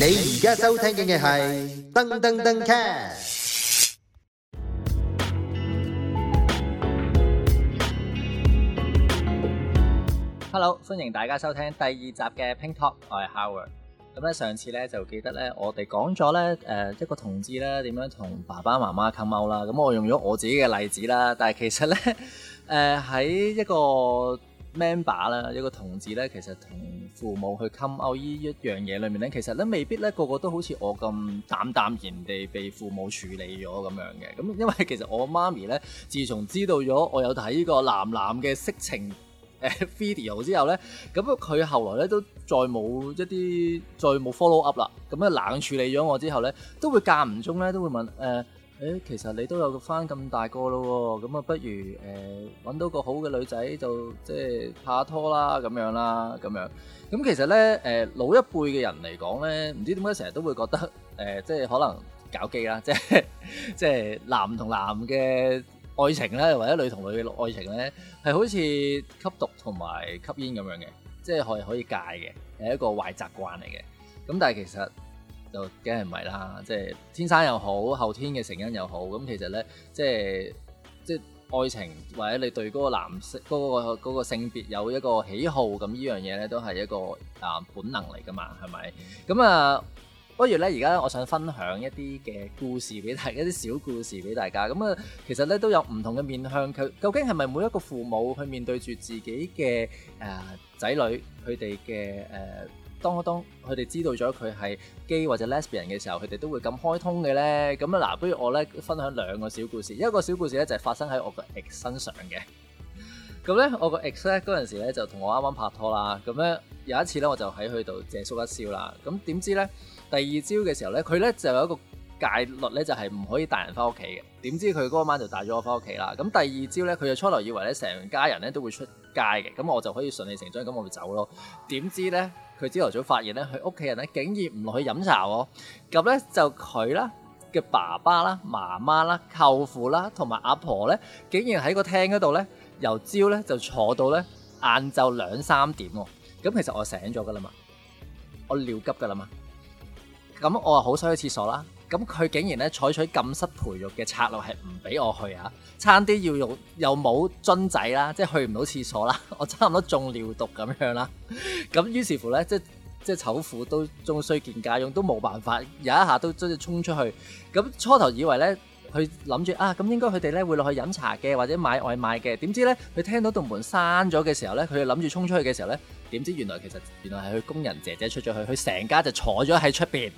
你而家收聽嘅係噔噔噔 cast。Hello，歡迎大家收聽第二集嘅 Pink Talk，我係 Howard。咁咧上次咧就記得咧，我哋講咗咧誒一個同志啦，點樣同爸爸媽媽 come out 啦。咁我用咗我自己嘅例子啦，但係其實咧誒喺一個。m e 一個同志咧，其實同父母去 come out 呢一樣嘢裏面咧，其實咧未必咧個個都好似我咁淡淡然地被父母處理咗咁樣嘅。咁因為其實我媽咪咧，自從知道咗我有睇呢個男男嘅色情誒 video 之後咧，咁佢後來咧都再冇一啲再冇 follow up 啦。咁啊冷處理咗我之後咧，都會間唔中咧都會問誒。呃誒，其實你都有翻咁大個咯喎，咁啊不如誒搵到個好嘅女仔就即係拍下拖啦，咁樣啦，咁樣。咁其實咧誒，老一輩嘅人嚟講咧，唔知點解成日都會覺得誒，即係可能搞基啦，即係即係男同男嘅愛情咧，或者女同女嘅愛情咧，係好似吸毒同埋吸煙咁樣嘅，即係可可以戒嘅，係一個壞習慣嚟嘅。咁但係其實，就梗係唔係啦，即係天生又好，後天嘅成因又好，咁其實咧，即係即係愛情或者你對嗰個男性，嗰個嗰個性別有一個喜好，咁呢樣嘢咧都係一個啊本能嚟噶嘛，係咪？咁啊，不如咧，而家我想分享一啲嘅故事俾大家，一啲小故事俾大家。咁啊，其實咧都有唔同嘅面向，佢究竟係咪每一個父母去面對住自己嘅誒仔女，佢哋嘅誒？呃當當佢哋知道咗佢係 gay 或者 lesbian 嘅時候，佢哋都會咁開通嘅咧。咁啊，嗱，不如我咧分享兩個小故事。一個小故事咧就係發生喺我個 ex 身上嘅。咁咧，我個 ex 咧嗰陣時咧就同我啱啱拍拖啦。咁咧有一次咧，我就喺佢度借宿一宵啦。咁點知咧，第二朝嘅時候咧，佢咧就有一個戒律咧，就係唔可以帶人翻屋企嘅。點知佢嗰晚就帶咗我翻屋企啦。咁第二朝咧，佢就初頭以為咧成家人咧都會出街嘅，咁我就可以順理成章咁我咪走咯。點知咧？佢朝頭早發現咧，佢屋企人咧竟然唔落去飲茶喎，咁咧就佢啦嘅爸爸啦、媽媽啦、舅父啦同埋阿婆咧，竟然喺個廳嗰度咧，由朝咧就坐到咧晏晝兩三點喎，咁其實我醒咗㗎喇嘛，我尿急㗎喇嘛，咁我啊好想去廁所啦。咁佢竟然咧採取禁室培育嘅策略，係唔俾我去啊！差啲要用又冇樽仔啦，即係去唔到廁所啦，我差唔多中尿毒咁樣啦。咁於是乎咧，即係即係醜婦都終須見家用，都冇辦法，有一下都即係衝出去。咁初頭以為咧，佢諗住啊，咁應該佢哋咧會落去飲茶嘅，或者買外賣嘅。點知咧，佢聽到道門閂咗嘅時候咧，佢諗住衝出去嘅時候咧，點知原來其實原來係佢工人姐姐出咗去，佢成家就坐咗喺出邊。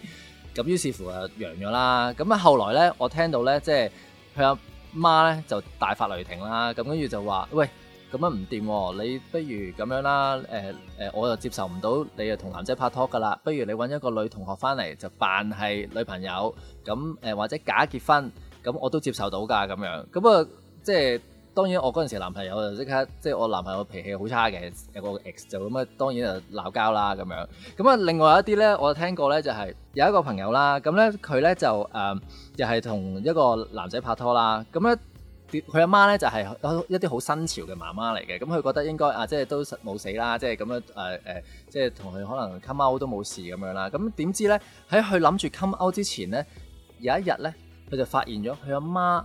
咁於是乎就揚咗啦，咁啊後來咧，我聽到咧，即係佢阿媽咧就大發雷霆啦，咁跟住就話：喂，咁樣唔掂喎，你不如咁樣啦，誒誒，我又接受唔到你又同男仔拍拖噶啦，不如你搵一個女同學返嚟就扮係女朋友，咁誒或者假結婚，咁我都接受到噶咁樣，咁啊即係。當然，我嗰陣時男朋友就即刻，即係我男朋友脾氣好差嘅，有個 ex 就咁啊，當然就鬧交啦咁樣。咁啊，另外一啲咧，我聽過咧就係有一個朋友啦，咁咧佢咧就誒，又係同一個男仔拍拖啦。咁咧，佢阿媽咧就係一啲好新潮嘅媽媽嚟嘅，咁佢覺得應該啊，即係都冇死啦、呃，即係咁樣誒誒，即係同佢可能 come out 都冇事咁樣啦。咁點知咧，喺佢諗住 come out 之前咧，有一日咧，佢就發現咗佢阿媽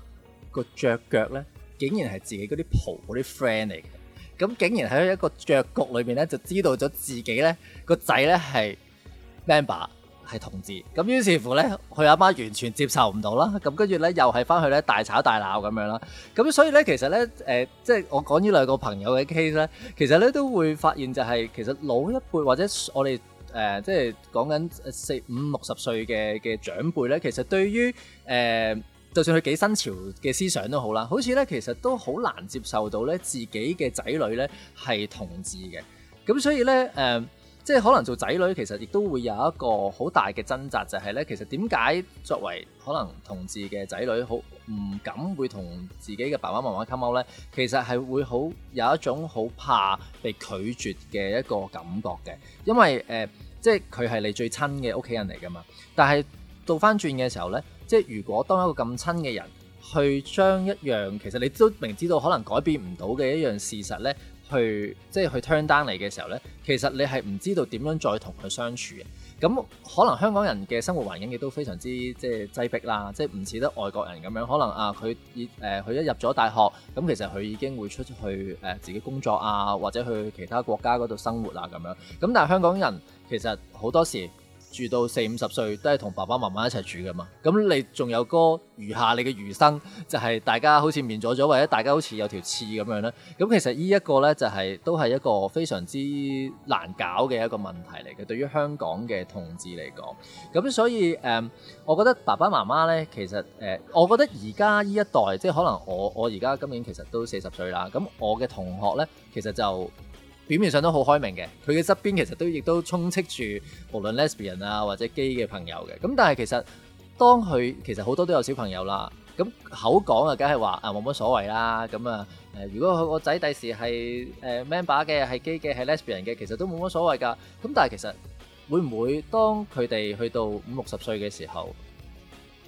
個雀腳咧。竟然係自己嗰啲蒲嗰啲 friend 嚟嘅，咁竟然喺一個著局裏邊咧，就知道咗自己咧個仔咧係 member 係同志，咁於是乎咧，佢阿媽完全接受唔到啦，咁跟住咧又係返去咧大吵大鬧咁樣啦，咁所以咧其實咧誒，即係我講呢兩個朋友嘅 case 咧，其實咧都會發現就係其實老一輩或者我哋誒即係講緊四五六十歲嘅嘅長輩咧，其實對於誒。就算佢幾新潮嘅思想都好啦，好似咧其實都好難接受到咧自己嘅仔女咧係同志嘅，咁所以咧誒、呃，即係可能做仔女其實亦都會有一個好大嘅掙扎，就係、是、咧其實點解作為可能同志嘅仔女，好唔敢會同自己嘅爸爸媽媽 come out 咧，其實係會好有一種好怕被拒絕嘅一個感覺嘅，因為誒、呃、即係佢係你最親嘅屋企人嚟㗎嘛，但係倒翻轉嘅時候咧。即係如果當一個咁親嘅人，去將一樣其實你都明知道可能改變唔到嘅一樣事實咧，去即係去 turn down 你嘅時候咧，其實你係唔知道點樣再同佢相處嘅。咁可能香港人嘅生活環境亦都非常之即係擠迫啦，即係唔似得外國人咁樣。可能啊，佢以誒佢一入咗大學，咁、嗯、其實佢已經會出去誒、呃、自己工作啊，或者去其他國家嗰度生活啊咁樣。咁但係香港人其實好多時，住到四五十歲都係同爸爸媽媽一齊住㗎嘛，咁你仲有個餘下你嘅餘生就係、是、大家好似面阻阻，或者大家好似有條刺咁樣啦。咁其實呢一個呢，就係、是、都係一個非常之難搞嘅一個問題嚟嘅，對於香港嘅同志嚟講。咁所以誒，我覺得爸爸媽媽呢，其實誒，我覺得而家呢一代，即係可能我我而家今年其實都四十歲啦，咁我嘅同學呢，其實就。表面上都好開明嘅，佢嘅側邊其實都亦都充斥住無論 lesbian 啊或者基嘅朋友嘅，咁但係其實當佢其實好多都有小朋友啦，咁口講啊梗係話啊冇乜所謂啦，咁啊誒如果佢個仔第時係誒 member 嘅係基嘅係 lesbian 嘅，其實都冇乜所謂噶，咁但係其實會唔會當佢哋去到五六十歲嘅時候，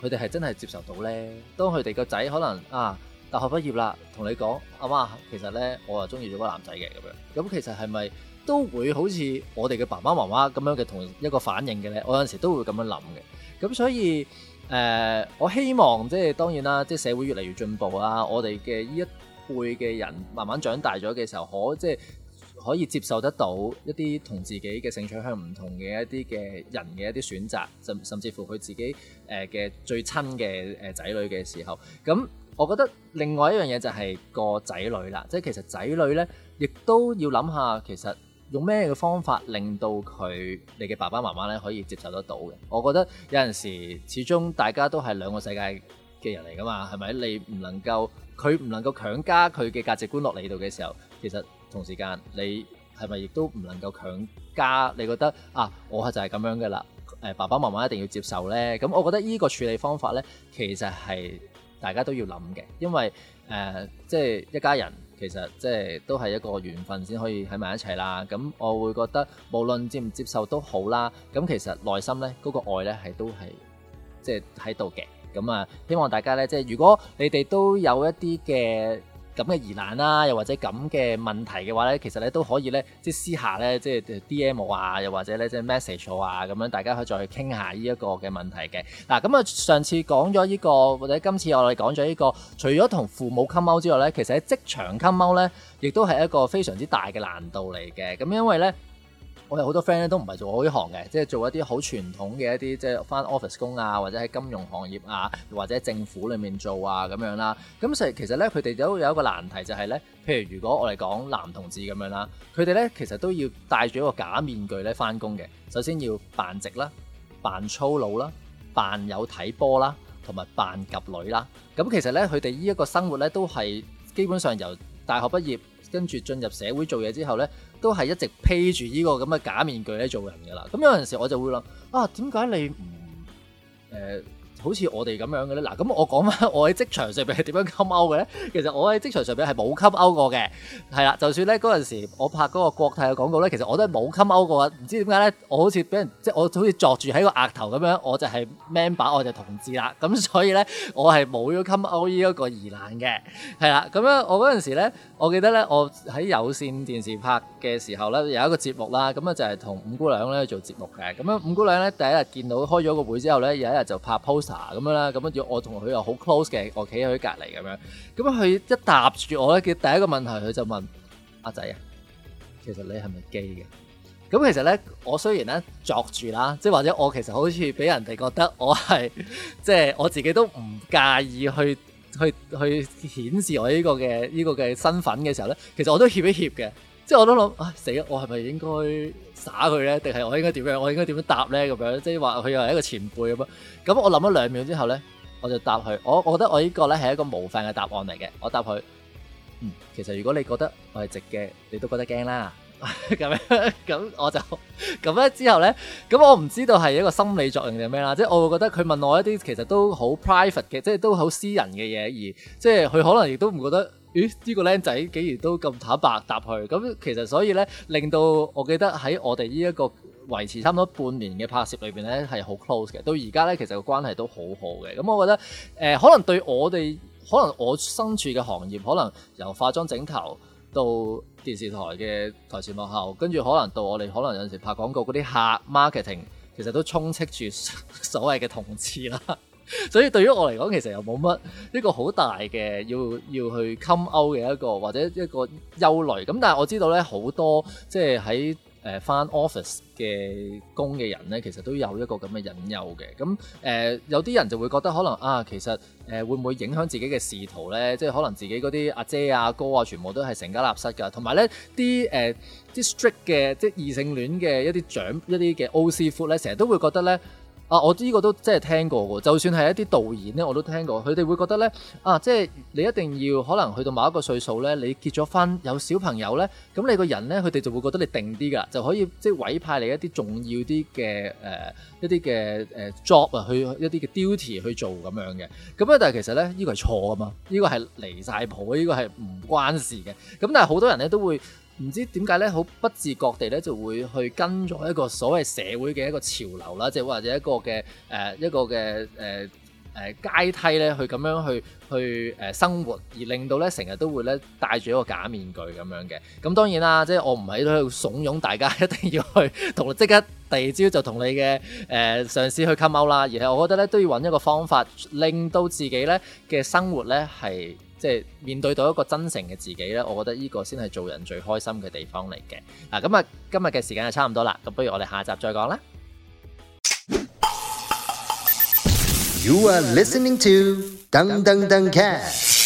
佢哋係真係接受到咧？當佢哋個仔可能啊，大學畢業啦，同你講，阿媽，媽其實呢，我啊中意咗個男仔嘅咁樣，咁其實係咪都會好似我哋嘅爸爸媽媽咁樣嘅同一個反應嘅呢？我有陣時都會咁樣諗嘅。咁所以誒、呃，我希望即係當然啦，即係社會越嚟越進步啊！我哋嘅呢一輩嘅人慢慢長大咗嘅時候，可即係可以接受得到一啲同自己嘅性取向唔同嘅一啲嘅人嘅一啲選擇，甚甚至乎佢自己誒嘅最親嘅誒仔女嘅時候，咁。我覺得另外一樣嘢就係個仔女啦，即係其實仔女呢，亦都要諗下其實用咩嘅方法令到佢你嘅爸爸媽媽呢可以接受得到嘅。我覺得有陣時始終大家都係兩個世界嘅人嚟噶嘛，係咪？你唔能夠佢唔能夠強加佢嘅價值觀落你度嘅時候，其實同時間你係咪亦都唔能夠強加，你覺得啊，我係就係咁樣嘅啦，誒爸爸媽媽一定要接受呢。咁我覺得呢個處理方法呢，其實係。大家都要諗嘅，因為誒，即係一家人，其實即係都係一個緣分先可以喺埋一齊啦。咁我會覺得，無論接唔接受都好啦。咁其實內心咧，嗰個愛咧係都係即係喺度嘅。咁啊，希望大家咧，即係如果你哋都有一啲嘅。咁嘅疑難啦，又或者咁嘅問題嘅話咧，其實咧都可以咧，即係私下咧，即係 DM 啊，又或者咧即係 message 啊，咁樣大家可以再去傾下呢一個嘅問題嘅。嗱、啊，咁、嗯、啊，上次講咗呢個，或者今次我哋講咗呢個，除咗同父母 come out 之外咧，其實喺職場 come out 咧，亦都係一個非常之大嘅難度嚟嘅。咁因為咧。我哋好多 friend 咧都唔係做好呢行嘅，即係做一啲好傳統嘅一啲，即係返 office 工啊，或者喺金融行業啊，或者政府裡面做啊咁樣啦。咁實其實咧，佢哋都有一個難題，就係咧，譬如如果我哋講男同志咁樣啦，佢哋咧其實都要戴住一個假面具咧返工嘅。首先要扮直啦，扮粗魯啦，扮有睇波啦，同埋扮及女啦。咁其實咧，佢哋呢一個生活咧都係基本上由大學畢業。跟住進入社會做嘢之後呢，都係一直披住呢個咁嘅假面具嚟做人㗎啦。咁有陣時我就會諗啊，點解你唔、呃好似我哋咁樣嘅咧，嗱咁我講翻我喺職場上面係點樣 come out 嘅咧？其實我喺職場上面係冇 come out 過嘅，係啦，就算咧嗰陣時我拍嗰個國泰嘅廣告咧，其實我都係冇 come out 過嘅。唔知點解咧，我好似俾人即係我好似坐住喺個額頭咁樣，我就係 member 我就同志啦。咁所以咧，我係冇咗 come out 呢一個疑難嘅，係啦。咁樣我嗰陣時咧，我記得咧，我喺有線電視拍嘅時候咧，有一個節目啦，咁啊就係同五姑娘咧做節目嘅。咁樣五姑娘咧第一日見到開咗個會之後咧，有一日就拍 post。咁樣啦，咁樣我同佢又好 close 嘅，我企喺佢隔離咁樣，咁佢一搭住我咧，佢第一個問題佢就問阿仔啊，其實你係咪 gay 嘅？咁其實咧，我雖然咧作住啦，即係或者我其實好似俾人哋覺得我係即係我自己都唔介意去去去，去顯示我呢個嘅呢、呢個嘅身份嘅時候咧，其實我都怯一怯嘅。即係我都諗，唉、啊、死啦！我係咪應該耍佢咧？定係我應該點樣？我應該點樣答咧？咁樣即係話佢又係一個前輩咁樣。咁我諗咗兩秒之後咧，我就答佢。我我覺得我呢個咧係一個模範嘅答案嚟嘅。我答佢，嗯，其實如果你覺得我係直嘅，你都覺得驚啦。咁樣咁我就咁咧。之後咧，咁我唔知道係一個心理作用定係咩啦。即係我會覺得佢問我一啲其實都好 private 嘅，即係都好私人嘅嘢，而即係佢可能亦都唔覺得。咦？呢個僆仔竟然都咁坦白答佢，咁其實所以咧令到我記得喺我哋呢一個維持差唔多半年嘅拍攝裏邊咧係好 close 嘅，到而家咧其實個關係都好好嘅。咁、嗯、我覺得誒、呃，可能對我哋，可能我身處嘅行業，可能由化妝整頭到電視台嘅台前幕後，跟住可能到我哋可能有陣時拍廣告嗰啲客 marketing，其實都充斥住所謂嘅同志啦。所以對於我嚟講，其實又冇乜、這個、一個好大嘅要要去 come out 嘅一個或者一個憂慮。咁但係我知道咧，好多即係喺誒返 office 嘅工嘅人咧，其實都有一個咁嘅隱憂嘅。咁、嗯、誒、呃、有啲人就會覺得可能啊，其實誒、呃、會唔會影響自己嘅仕途咧？即係可能自己嗰啲阿姐啊、阿哥啊，全部都係成家立室㗎。同埋咧啲誒啲、呃、strict 嘅即係異性戀嘅一啲長一啲嘅 OC foot 咧，成日都會覺得咧。啊！我呢個都真係聽過嘅，就算係一啲導演咧，我都聽過。佢哋會覺得咧，啊，即係你一定要可能去到某一個歲數咧，你結咗婚有小朋友咧，咁你個人咧，佢哋就會覺得你定啲噶，就可以即係委派你一啲重要啲嘅誒一啲嘅誒 job 啊，去、呃、一啲嘅 duty 去做咁樣嘅。咁啊，但係其實咧，呢個係錯啊嘛，呢個係離晒譜，呢個係唔關事嘅。咁但係好多人咧都會。唔知點解咧，好不自覺地咧就會去跟咗一個所謂社會嘅一個潮流啦，即係或者一個嘅誒一個嘅誒誒階梯咧，去咁樣去去誒生活，而令到咧成日都會咧戴住一個假面具咁樣嘅。咁當然啦，即係我唔喺度慫恿大家一定要去同即刻第二朝就同你嘅誒上司去溝通啦。而係我覺得咧都要揾一個方法，令到自己咧嘅生活咧係。即係面對到一個真誠嘅自己咧,我覺得呢個先係做人最開心嘅地方嚟嘅,咁今日嘅時間就差唔多啦,咁不如我哋下集再講啦。You 今天, are listening to Dung Dung Dungcast